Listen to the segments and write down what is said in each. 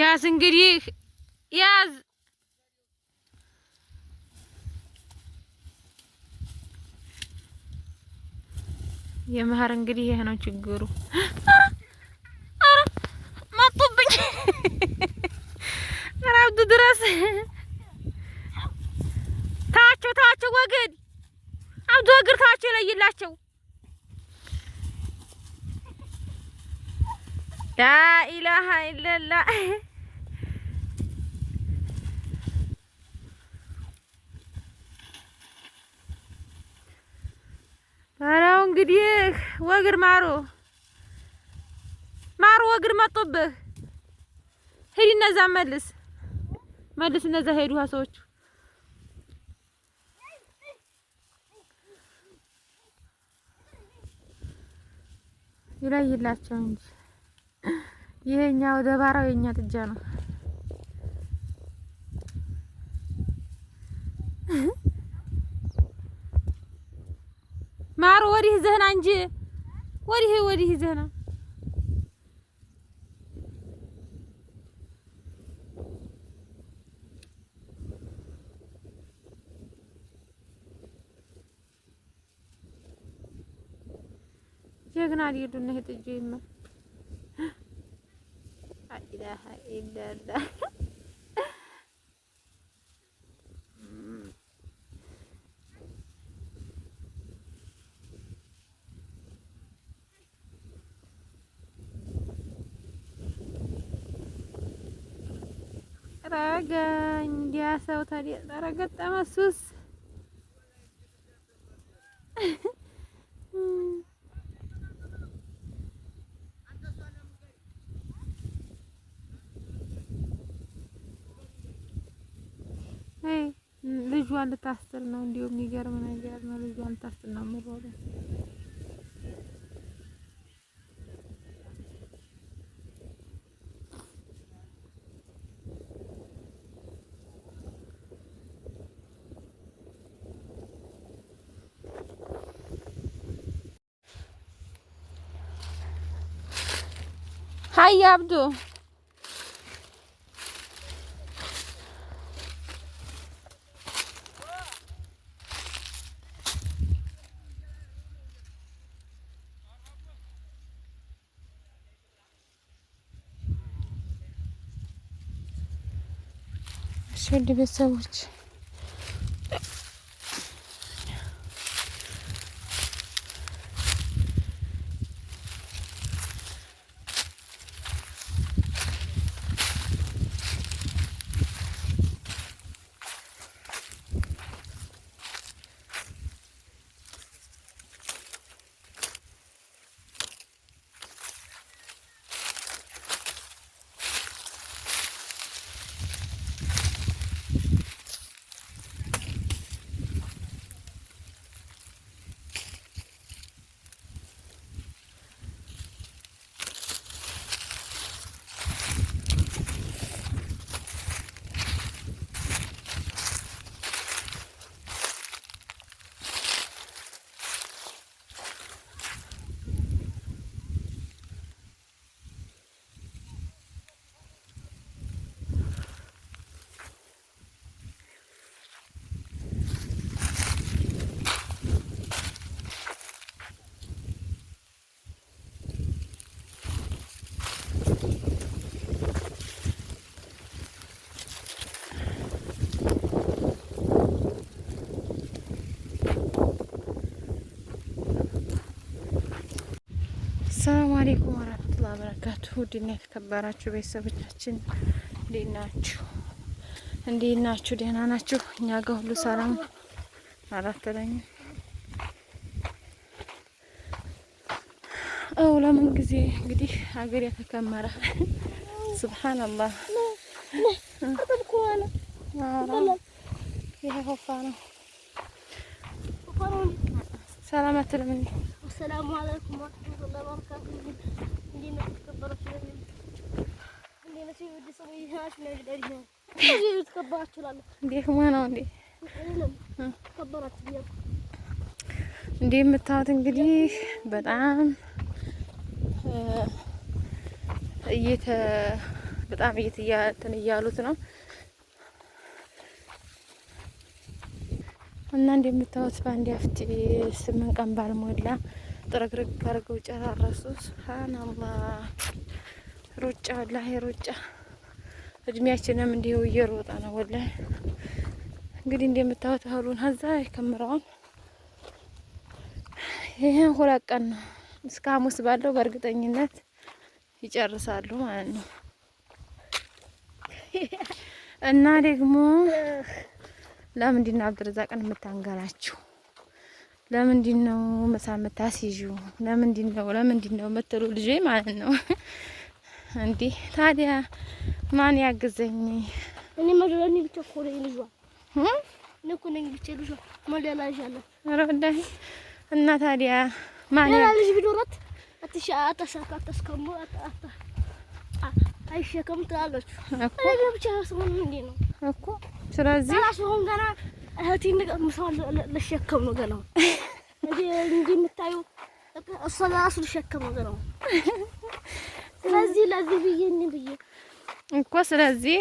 ያዝ እንግዲህ ያዝ። የመሀር እንግዲህ ይሄ ነው ችግሩ። መጡብኝ። ኧረ ድረስ ታቸው ታቸው ወግድ አብዱ ወግድ ታቸው ይለይላቸው። ላኢላሃ ኢለላህ አራው እንግዲህ ወግር ማሩ ማሩ ወግር መጡብህ። ሂድ እነዛ መልስ መልስ እነዛ ሄዱ ሰዎቹ ይለይላቸው እንጂ ይሄኛው ደባራው የኛ ጥጃ ነው። እንጂ ወዲህ ወዲህ ዘና ጀግና ሊሄዱና ይጥጂ ይማ አይላ አይላ እንዲያ ሰው ታዲያ ኧረ ገጠመ ልጇን ልታስጥል ነው። እንዲሁ የሚገርም ነገር ነው። ልጇን ልታስጥል ነው የምሮጠው Hay yavdu. Şöyle bir savuç. አሌይኩም ወራህመቱላሂ ወበረካቱ ውድና የተከበራችሁ ቤተሰቦቻችን እንዴት ናችሁ? እንዴት ናችሁ? ደህና ናችሁ? እኛ ጋር ሁሉ ሰላም አላተለኝ አው ለምን ጊዜ እንግዲህ ሀገር የተከመረ ሱብሃንአላህ ይሄ ነው ሰላም አትልምኝ አሰላሙ አለይኩም ወራህመቱላሂ ወበረካቱህ። እንዴት ነው የተከበራችሁ? እንዴት ነው ውድ ሰዎች ናችሁ? የተከበራችሁላለሁ። ደህና ነው እንዴ? ተከበራችሁ። እንደምታዩት እንግዲህ በጣም እየተ በጣም እንትን እያሉት ነው እና እንደምታዩት በአንድ አፍት ስምንት ቀን ባልሞላ ጥርግርግ አድርገው ጨራረሱ። ሱብሃንአላህ ሩጫ ወላሂ ሩጫ። እድሜያችንም እንዲው እየሮጣ ነው ወላሂ። እንግዲህ እንደምታዩት እህሉን ሀዛ አይከምረውም። ይሄን ሁለት ቀን ነው እስከ ሐሙስ ባለው በእርግጠኝነት ይጨርሳሉ ማለት ነው። እና ደግሞ ለምንድን ነው አብድረዛቅን የምታንገላችሁ? ለምንድን ነው ምሳ የምታስይዥው? ለምንድን ነው ለምንድን ነው የምትሉ ልጄ ማለት ነው። እንዴ ታዲያ ማን ያግዘኝ? እኔ መደላኒ ብቻ እኮ ነኝ ልጇ እኔ እኮ ነኝ ብቻ ልጇ መደላሻለሁ። ኧረ ወላሂ እና ታዲያ ማን ያ ልጅ ቢኖራት አትሻ አታሳካ አታስከሙ አታ አይሸከም ትላለች እኮ ብቻ ሰሆን እንዴ ነው እኮ ስለዚህ ሆን ገና እህቴን ልሸከም ነው ገና እንጂ የምታዩ እሷ ለራሱ ልሸከም ነው ገና። ስለዚህ ለዚህ ብዬ ብዬ እኮ ስለዚህ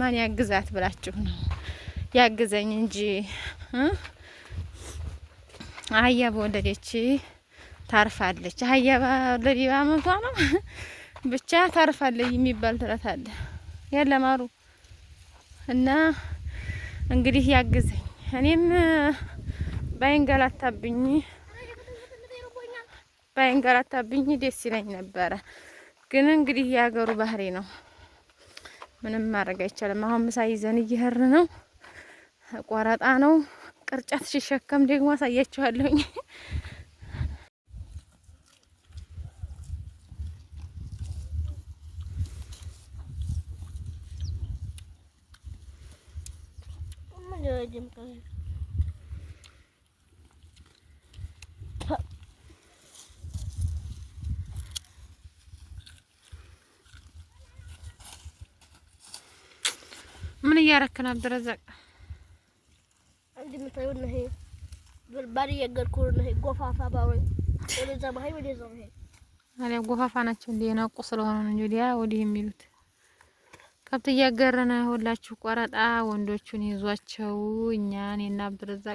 ማን ያግዛት ብላችሁ ነው ያግዘኝ እንጂ አህያ በወለደች ታርፋለች። አህያ በወለደ በአመቷ ነው ብቻ ታርፋለች የሚባል ተረት አለ እና እንግዲህ ያግዘኝ እኔም ባይንገላታብኝ ባይንገላታብኝ ደስ ይለኝ ነበረ። ግን እንግዲህ የሀገሩ ባህሪ ነው፣ ምንም ማድረግ አይቻልም። አሁን ምሳ ይዘን እየሄር ነው፣ ቆረጣ ነው። ቅርጫት ሲሸከም ደግሞ አሳያችኋለሁኝ። söyledim kızım. ምን እያረክ ነው አብድረዘቅ? እንደምታዩት ነው። ይሄ በርበሬ እየገርኩህ ነው። ይሄ ጎፋፋ ባወይ ወደዛ ማይ ወደዛ ማይ አለ ጎፋፋ ናቸው። እንደ የናቁ ስለሆነ ነው እንጂ ወዲያ ወዲህ የሚሉት ከብት እያገረነ ሁላችሁ ቆረጣ ወንዶቹን ይዟቸው እኛን የናብረዛቅ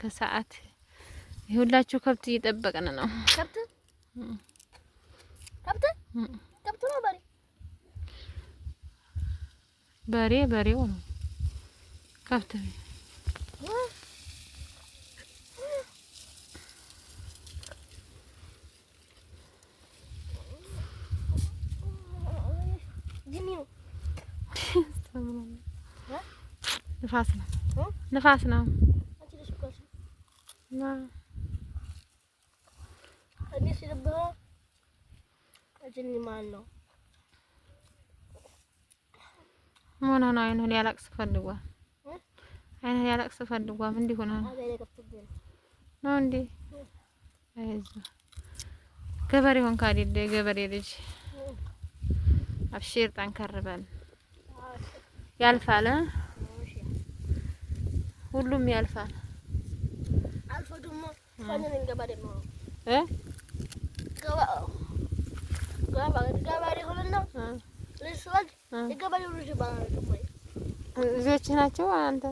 ከሰዓት ሁላችሁ ከብት እየጠበቅን ነው። ከብት ከብት ከብት ነው። በሬ በሬ በሬው ነው ከብት ንፋስ ነው ንፋስ ነው። ምን ሆነው አይኑን ያለቅስ ፈልጓል። አይኑን ያለቅስ ፈልጓል። እንዲሁ ነው ነው እንዴ? አይዞህ ገበሬ ሆንክ አይደል? ገበሬ ልጅ አብሽር፣ ጠንከር በል። ያልፋል። ሁሉም ያልፋል። አልፎ ደግሞ ልጆች ናቸው። አንተ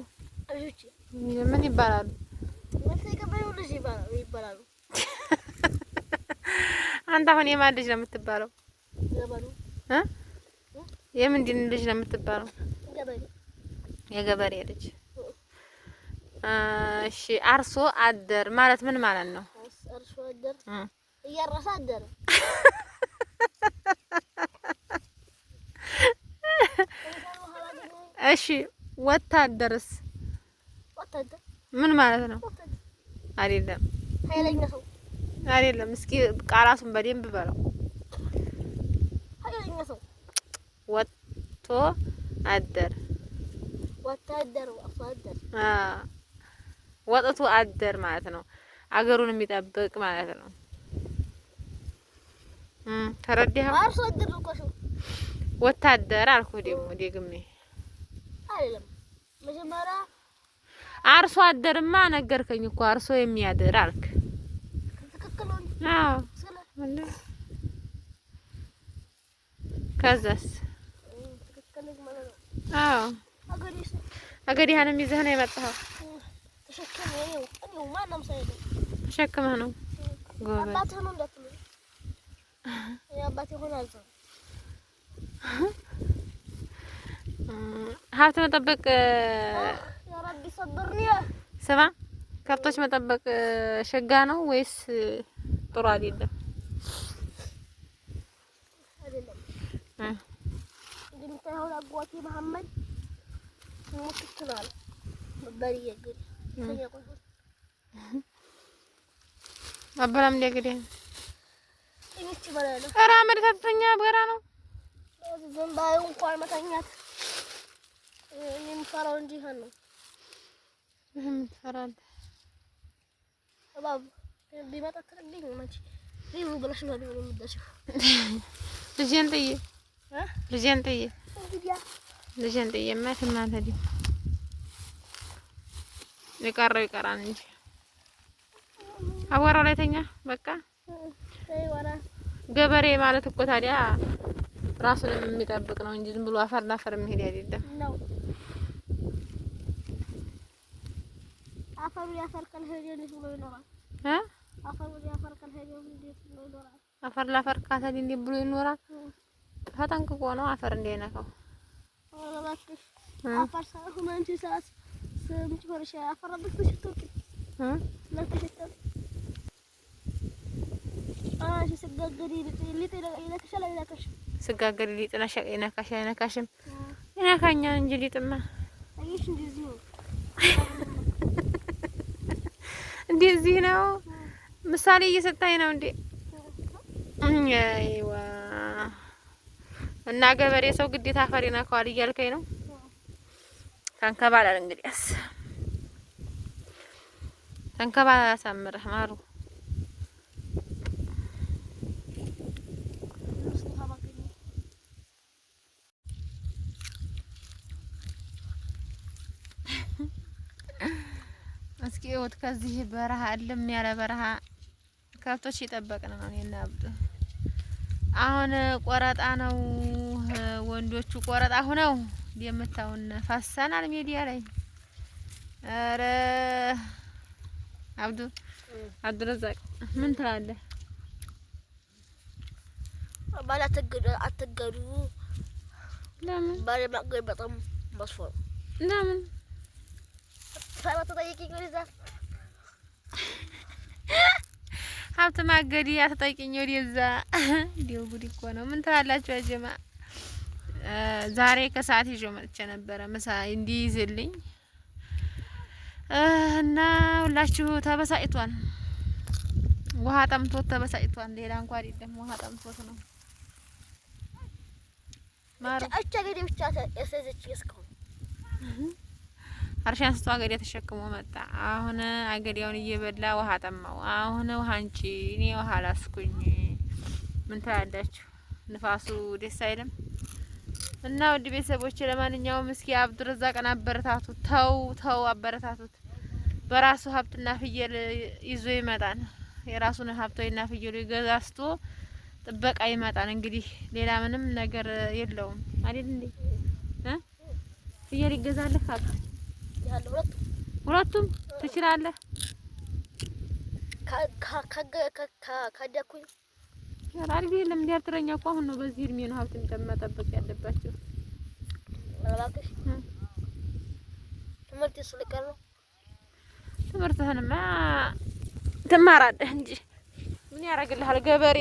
ምን ይባላሉ? አንተ አሁን የማን ልጅ ነው የምትባለው? የምንድን ልጅ ነው የምትባለው? የገበሬ ልጅ እሺ አርሶ አደር ማለት ምን ማለት ነው? አርሶ አደር እያረሰ አደረ። እሺ ወታደርስ ወታደር ምን ማለት ነው? አይደለም ኃይለኛ ሰው አይደለም። እስኪ ቃላቱን በደንብ በለው። ኃይለኛ ሰው ወጥቶ አደር ወታደር አርሶ አደር ወጥቶ አደር ማለት ነው። አገሩን የሚጠብቅ ማለት ነው። ተረዳህ? አርሶ አደር እኮ ወታደር አልኩ ደግሞ ደግሜ አይደለም መጀመሪያ አርሶ አደርማ ነገርከኝ እኮ አርሶ የሚያድር አልክ። ከዛስ? አዎ አገዲህንም ይዘህ ነው የመጣኸው። ተሸክመህ ነው ሀብት መጠበቅ ስማ፣ ከብቶች መጠበቅ ሸጋ ነው ወይስ ጥሩ አይደለም? እንደምታየው አጓቴ መሀመድ ሞት ይችላል። አበላም እንዲያገደ ኧረ መድታት ተኛ በራ ነው ዝም ባዩ እንኳን መተኛት የምፈራው እንጂ ይሄን ነው። ምን ትፈራለህ? እባብ ቢመጣ ትልልኝ መቼ ሪቡ ብለሽ ነው ሊሆን የሚደርሰው። ልጄን ጥዬ ልጄን ጥዬ ልጄን ጥዬ Ikaro ikaran ini. Awar oleh tengah, baca. Gabari malah tuh kota dia. Rasul minta bukan orang jin belu afar nafar mihir ya dinda. Afar dia afar kan hari ini belu inorah. Hah? Afar dia afar kan hari ini belu inorah. Afar lah afar kasar ini belu inorah. Hatang kuku no afar dia nak. Afar sahuman cisa. ስጋገር ሊጥ ይነካሽ አይነካሽም? ይነካኛ እንጂ ሊጥማ እንደዚህ ነው። ምሳሌ እየሰጣኝ ነው እንዴ? ይዋ እና ገበሬ ሰው ግዴታ አፈር ይነካዋል እያልከኝ ነው? ተንከባላል እንግዲያስ ተንከባላ ያሳምረህ ማሩ እስኪ እዩት። ከዚህ በረሃ እልም ያለ በረሃ ከብቶች እየጠበቅን ነው እኔና አብዱ። አሁን ቆረጣ ነው፣ ወንዶቹ ቆረጣ ሁነው የምታውን ፋሳናል ሚዲያ ላይ አረ አብዱ አብዱረዛቅ ምን ትላለህ? ባል አትገዱ። ለምን ባል ማገድ በጣም መጥፎ ነው። ለምን ሀብት ማገድ አትጠይቂኝ ወደዛ። እንዲሁ ጉድ እኮ ነው። ምን ትላላችሁ አጀማ ዛሬ ከሰዓት ይዤ መጥቼ ነበረ ምሳ እንዲይዝልኝ እና ሁላችሁ ተበሳጭቷል። ውሃ ጠምቶት ተበሳጭቷል። ሌላ እንኳ አይደለም፣ ውሃ ጠምቶት ነው። አርሻ አንስቶ አገዳ ተሸክሞ መጣ። አሁን አገዳውን እየበላ ውሃ ጠማው። አሁን ውሃ አንቺ፣ እኔ ውሃ ላስኩኝ። ምን ትላላችሁ? ንፋሱ ደስ አይልም። እና ውድ ቤተሰቦች ለማንኛውም እስኪ አብዱረዛቅን አበረታቱ። ተው ተው፣ አበረታቱት። በራሱ ሀብትና ፍየል ይዞ ይመጣል። የራሱን ሀብትና ፍየሉ ገዛዝቶ ጥበቃ ይመጣል። እንግዲህ ሌላ ምንም ነገር የለውም አይደል እንዴ? ፍየል ይገዛልህ ሀብት ሁለቱም ትችላለህ። አድርጌ የለም እንዲያድረኛ እኮ አሁን ነው በዚህ እድሜ ነው ሀብት መጠበቅ ያለባቸው። እባክሽ ትምህርት ስልቀር ነው ትምህርትህንማ ትማራለህ እንጂ ምን ያደርግልሃል ገበሬ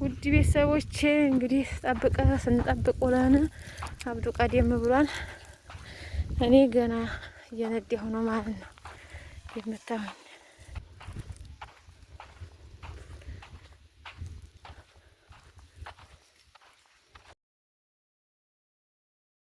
ውድ ቤተሰቦች እንግዲህ ጠብቀ ስንጠብቅ ውለን አብዱ ቀደም ብሏል። እኔ ገና እየነዳሁ ነው ማለት ነው የምታዩኝ።